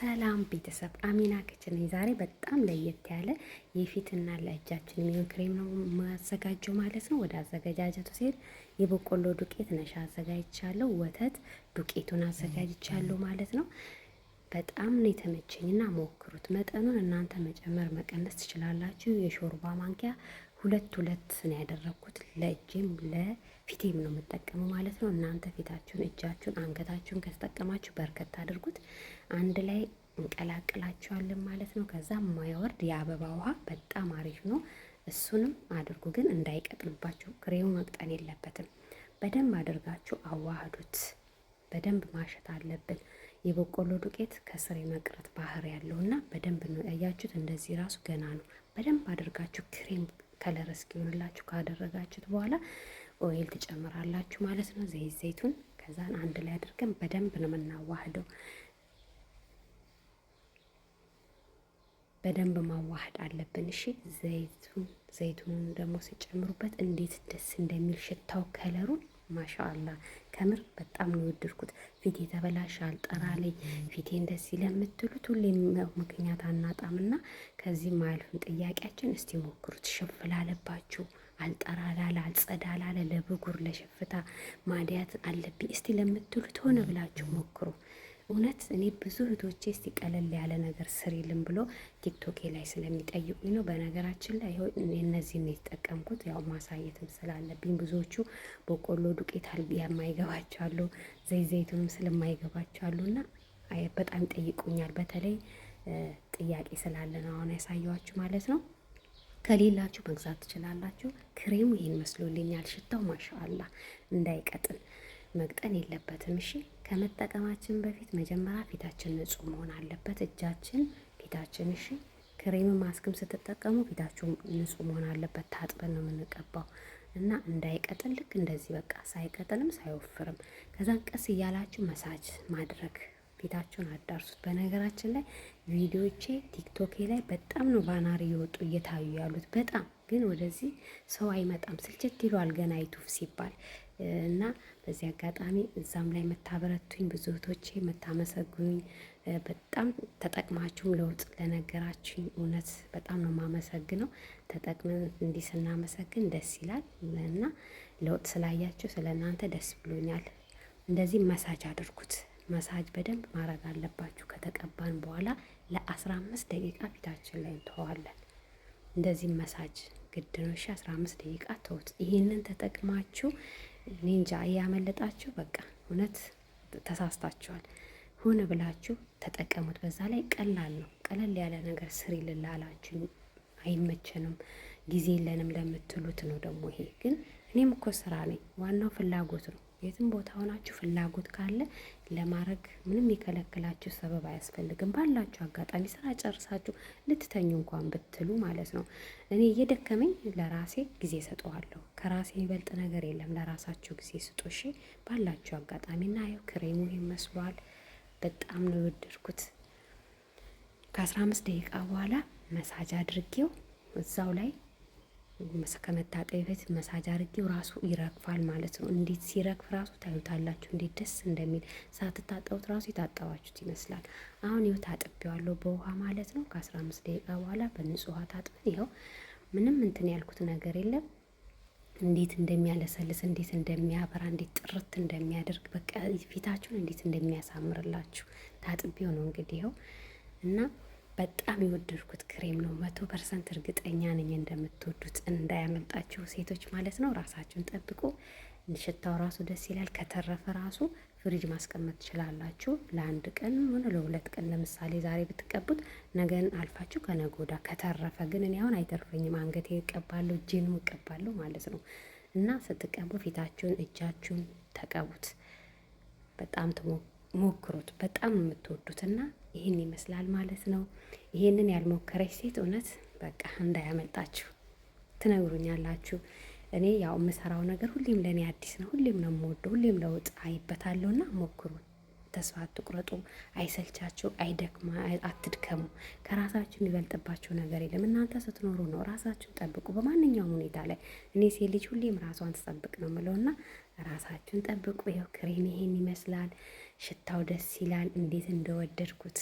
ሰላም ቤተሰብ አሚና ክችን ዛሬ በጣም ለየት ያለ የፊትና ለእጃችን የሚሆን ክሬም ነው ማዘጋጀው ማለት ነው። ወደ አዘገጃጀቱ ሲሄድ የበቆሎ ዱቄት ነሻ አዘጋጅቻለሁ፣ ወተት ዱቄቱን አዘጋጅቻለሁ ማለት ነው። በጣም ነው የተመቸኝና ሞክሩት። መጠኑን እናንተ መጨመር መቀነስ ትችላላችሁ። የሾርባ ማንኪያ ሁለት ሁለት ነው ያደረግኩት። ለእጅም ለፊቴም ነው የምጠቀመው ማለት ነው። እናንተ ፊታችሁን፣ እጃችሁን፣ አንገታችሁን ከተጠቀማችሁ በርከት አድርጉት። አንድ ላይ እንቀላቅላቸዋለን ማለት ነው። ከዛ ማያወርድ የአበባ ውሃ በጣም አሪፍ ነው። እሱንም አድርጉ፣ ግን እንዳይቀጥንባችሁ። ክሬው መቅጠን የለበትም። በደንብ አድርጋችሁ አዋህዱት። በደንብ ማሸት አለብን። የበቆሎ ዱቄት ከስር የመቅረት ባህር ያለው እና በደንብ ነው ያያችሁት። እንደዚህ ራሱ ገና ነው። በደንብ አድርጋችሁ ክሬም ከለር እስኪሆንላችሁ ካደረጋችሁት በኋላ ኦይል ትጨምራላችሁ ማለት ነው። ዘይት ዘይቱን ከዛን አንድ ላይ አድርገን በደንብ ነው የምናዋህደው። በደንብ ማዋሃድ አለብን። እሺ ዘይቱን ዘይቱን ደግሞ ሲጨምሩበት እንዴት ደስ እንደሚል ሽታው፣ ከለሩን ማሻአላ ከምር በጣም ነው የወደድኩት። ፊቴ ተበላሻል፣ ጠራለኝ ፊቴ እንደዚህ ለምትሉት ሁሌ ምክንያት አናጣምና ከዚህ አያልፍም ጥያቄያችን። እስቲ ሞክሩት። ሽፍ ላለባችሁ፣ አልጸዳ ላለ ለብጉር ለሽፍታ ማዲያት አለብኝ እስቲ ለምትሉት ሆነ ብላችሁ ሞክሩ። እውነት እኔ ብዙ እህቶቼ እስቲ ቀለል ያለ ነገር ስሪልን ብሎ ቲክቶኬ ላይ ስለሚጠይቁኝ ነው። በነገራችን ላይ እነዚህ ነው የተጠቀምኩት፣ ያው ማሳየትም ስላለብኝ ብዙዎቹ በቆሎ ዱቄት የማይገባቸው አሉ፣ ስለማይገባቸዋሉ እና አሉና በጣም ጠይቁኛል። በተለይ ጥያቄ ስላለ ነው አሁን ያሳየዋችሁ ማለት ነው። ከሌላችሁ መግዛት ትችላላችሁ። ክሬሙ ይህን መስሎልኛል። ሽታው ማሻአላ እንዳይቀጥል መቅጠን የለበትም እሺ። ከመጠቀማችን በፊት መጀመሪያ ፊታችን ንጹህ መሆን አለበት። እጃችን፣ ፊታችን እሺ። ክሬም ማስክም ስትጠቀሙ ፊታችሁ ንጹህ መሆን አለበት። ታጥበን ነው የምንቀባው እና እንዳይቀጥል ልክ እንደዚህ በቃ ሳይቀጥልም ሳይወፍርም፣ ከዛን ቀስ እያላችሁ መሳጅ ማድረግ ፊታችሁን አዳርሱት። በነገራችን ላይ ቪዲዮቼ ቲክቶኬ ላይ በጣም ነው ባናር እየወጡ እየታዩ ያሉት። በጣም ግን ወደዚህ ሰው አይመጣም፣ ስልችት ይሏል ገና ዩቱብ ሲባል እና በዚህ አጋጣሚ እዛም ላይ መታበረቱኝ ብዙ እህቶቼ መታመሰግኑኝ በጣም ተጠቅማችሁም ለውጥ ለነገራችሁኝ እውነት በጣም ነው ማመሰግነው። ተጠቅመን እንዲህ ስናመሰግን ደስ ይላል እና ለውጥ ስላያችሁ ስለ እናንተ ደስ ብሎኛል። እንደዚህ መሳጅ አድርጉት። መሳጅ በደንብ ማድረግ አለባችሁ። ከተቀባን በኋላ ለአስራ አምስት ደቂቃ ፊታችን ላይ እንተዋለን። እንደዚህ መሳጅ ግድ ነው። እሺ አስራ አምስት ደቂቃ ተውት። ይህንን ተጠቅማችሁ ኒንጃ እያመለጣችሁ በቃ እውነት ተሳስታችኋል። ሆነ ብላችሁ ተጠቀሙት። በዛ ላይ ቀላል ነው። ቀለል ያለ ነገር ስሪ ልላላችሁ አይመቸንም፣ ጊዜ የለንም ለምትሉት ነው ደግሞ ይሄ። ግን እኔም እኮ ስራ ነኝ። ዋናው ፍላጎት ነው። የትም ቦታ ሆናችሁ ፍላጎት ካለ ለማድረግ ምንም የከለክላችሁ ሰበብ አያስፈልግም። ባላችሁ አጋጣሚ ስራ ጨርሳችሁ ልትተኙ እንኳን ብትሉ ማለት ነው። እኔ እየደከመኝ ለራሴ ጊዜ ሰጠዋለሁ። ከራሴ የሚበልጥ ነገር የለም። ለራሳችሁ ጊዜ ስጡ እሺ። ባላችሁ አጋጣሚ እና ያው ክሬሙ ይመስሏል። በጣም ነው የወደድኩት። ከአስራ አምስት ደቂቃ በኋላ መሳጅ አድርጌው እዛው ላይ ከመታጠቢያ በፊት መሳጅ አድርጌው ራሱ ይረግፋል ማለት ነው። እንዴት ሲረግፍ ራሱ ታዩታላችሁ፣ እንዴት ደስ እንደሚል ሳትታጠቡት ራሱ የታጠባችሁት ይመስላል። አሁን ይኸው ታጥቤዋለሁ በውሃ ማለት ነው። ከአስራ አምስት ደቂቃ በኋላ በንጹህ ውሃ ታጥበን ይኸው ምንም እንትን ያልኩት ነገር የለም። እንዴት እንደሚያለሰልስ እንዴት እንደሚያበራ እንዴት ጥርት እንደሚያደርግ በቃ ፊታችሁን እንዴት እንደሚያሳምርላችሁ ታጥቤው ነው እንግዲህ ይኸው እና በጣም የወደድኩት ክሬም ነው። መቶ ፐርሰንት እርግጠኛ ነኝ እንደምትወዱት እንዳያመልጣችሁ ሴቶች ማለት ነው። ራሳችሁን ጠብቁ። ሽታው ራሱ ደስ ይላል። ከተረፈ ራሱ ፍሪጅ ማስቀመጥ ትችላላችሁ። ለአንድ ቀን ሆነ ለሁለት ቀን ለምሳሌ ዛሬ ብትቀቡት ነገን አልፋችሁ ከነጎዳ ከተረፈ ግን እኔ አሁን አይተርፈኝም። አንገቴ እቀባለሁ፣ እጄንም እቀባለሁ ማለት ነው እና ስትቀቡ ፊታችሁን፣ እጃችሁን ተቀቡት። በጣም ሞክሩት። በጣም የምትወዱት እና ይህን ይመስላል ማለት ነው። ይህንን ያልሞከረች ሴት እውነት በቃ እንዳያመልጣችሁ ትነግሩኛላችሁ። እኔ ያው የምሰራው ነገር ሁሌም ለእኔ አዲስ ነው። ሁሌም ነው የምወደው። ሁሌም ለውጥ አይበታለሁና ሞክሩ ተስፋ አትቁረጡ። አይሰልቻችሁ፣ አይደክማ፣ አትድከሙ። ከራሳችሁ የሚበልጥባችሁ ነገር የለም። እናንተ ስትኖሩ ነው። ራሳችሁን ጠብቁ በማንኛውም ሁኔታ ላይ። እኔ ሴት ልጅ ሁሌም ራሷን ትጠብቅ ነው የምለውና ራሳችሁን ጠብቁ። ይኸው ክሬን ይሄን ይመስላል። ሽታው ደስ ይላል። እንዴት እንደወደድኩት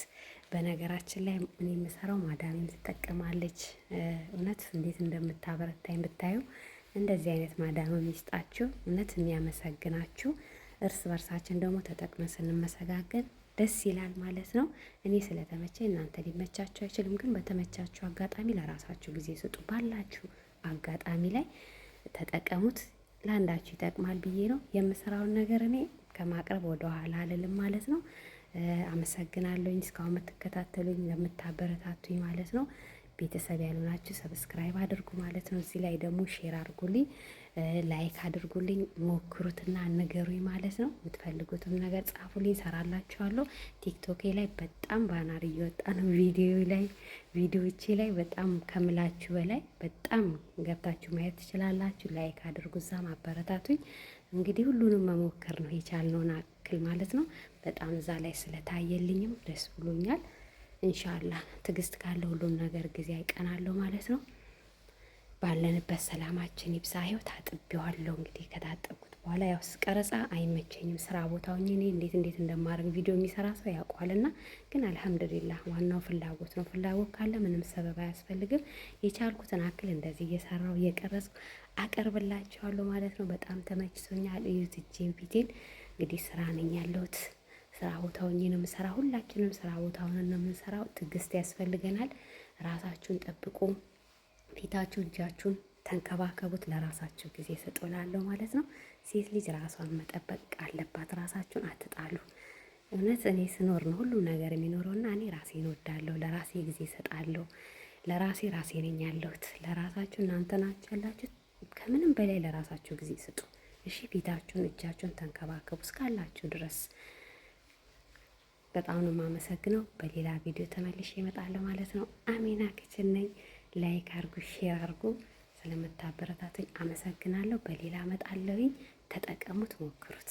በነገራችን ላይ እኔ የምሰራው ማዳሜም ትጠቀማለች። እውነት እንዴት እንደምታበረታኝ ብታዩ። እንደዚህ አይነት ማዳመም ይስጣችሁ። እውነት የሚያመሰግናችሁ እርስ በርሳችን ደግሞ ተጠቅመን ስንመሰጋገን ደስ ይላል ማለት ነው። እኔ ስለተመቸኝ እናንተ ሊመቻችሁ አይችልም፣ ግን በተመቻችሁ አጋጣሚ ለራሳችሁ ጊዜ ስጡ። ባላችሁ አጋጣሚ ላይ ተጠቀሙት። ለአንዳችሁ ይጠቅማል ብዬ ነው የምሰራውን ነገር እኔ ከማቅረብ ወደ ኋላ አልልም ማለት ነው። አመሰግናለሁኝ እስካሁን የምትከታተሉኝ ለምታበረታቱኝ ማለት ነው። ቤተሰብ ያሉ ሰብስክራይብ አድርጉ ማለት ነው። እዚህ ላይ ደግሞ ሼር አድርጉልኝ፣ ላይክ አድርጉልኝ፣ ሞክሩትና ንገሩኝ ማለት ነው። የምትፈልጉትም ነገር ጻፉልኝ፣ ሰራላችኋለሁ። ቲክቶኬ ላይ በጣም ባናር እየወጣ ነው። ቪዲዮ ላይ ቪዲዮቼ ላይ በጣም ከምላችሁ በላይ በጣም ገብታችሁ ማየት ትችላላችሁ። ላይክ አድርጉ፣ እዛም አበረታቱኝ። እንግዲህ ሁሉንም መሞከር ነው የቻልነውን አክል ማለት ነው። በጣም እዛ ላይ ስለታየልኝም ደስ ብሎኛል። እንሻላ ትዕግስት ካለ ሁሉም ነገር ጊዜ አይቀናለሁ ማለት ነው። ባለንበት ሰላማችን ይብዛ። ይኸው ታጥቤዋለሁ እንግዲህ ከታጠብኩት በኋላ ያው ቀረጻ አይመቸኝም። ስራ ቦታው እኔ እንዴት እንዴት እንደማደርግ ቪዲዮ የሚሰራ ሰው ያውቋልና፣ ግን አልሐምዱሊላህ ዋናው ፍላጎት ነው። ፍላጎት ካለ ምንም ሰበብ አያስፈልግም። የቻልኩትን አክል እንደዚህ እየሰራው እየቀረጽኩ አቀርብላችኋለሁ ማለት ነው። በጣም ተመችቶኛል። እዩት እጄን ፊቴን። እንግዲህ ስራ ነኝ ያለሁት ስራ ቦታው ነው የምሰራ። ሁላችንም ስራ ቦታውን ነው የምንሰራው። ትዕግስት ያስፈልገናል። ራሳችሁን ጠብቁ። ፊታችሁ እጃችሁን ተንከባከቡት፣ ለራሳችሁ ጊዜ ስጡ እላለሁ ማለት ነው። ሴት ልጅ ራሷን መጠበቅ አለባት። ራሳችሁን አትጣሉ። እውነት እኔ ስኖር ነው ሁሉ ነገር የሚኖረውና እኔ ራሴን ንወዳለሁ ለራሴ ጊዜ ሰጣለሁ ለራሴ ራሴ ነኝ ያለሁት። ለራሳችሁ እናንተ ናችሁ ያላችሁ። ከምንም በላይ ለራሳችሁ ጊዜ ስጡ። እሺ ፊታችሁን፣ እጃችሁን ተንከባከቡ እስካላችሁ ድረስ። በጣም ነው የማመሰግነው። በሌላ ቪዲዮ ተመልሼ እመጣለሁ ማለት ነው። አሜና ክችን ነኝ። ላይክ አርጉ፣ ሼር አርጉ። ስለምታበረታትኝ አመሰግናለሁ። በሌላ እመጣለሁኝ። ተጠቀሙት፣ ሞክሩት።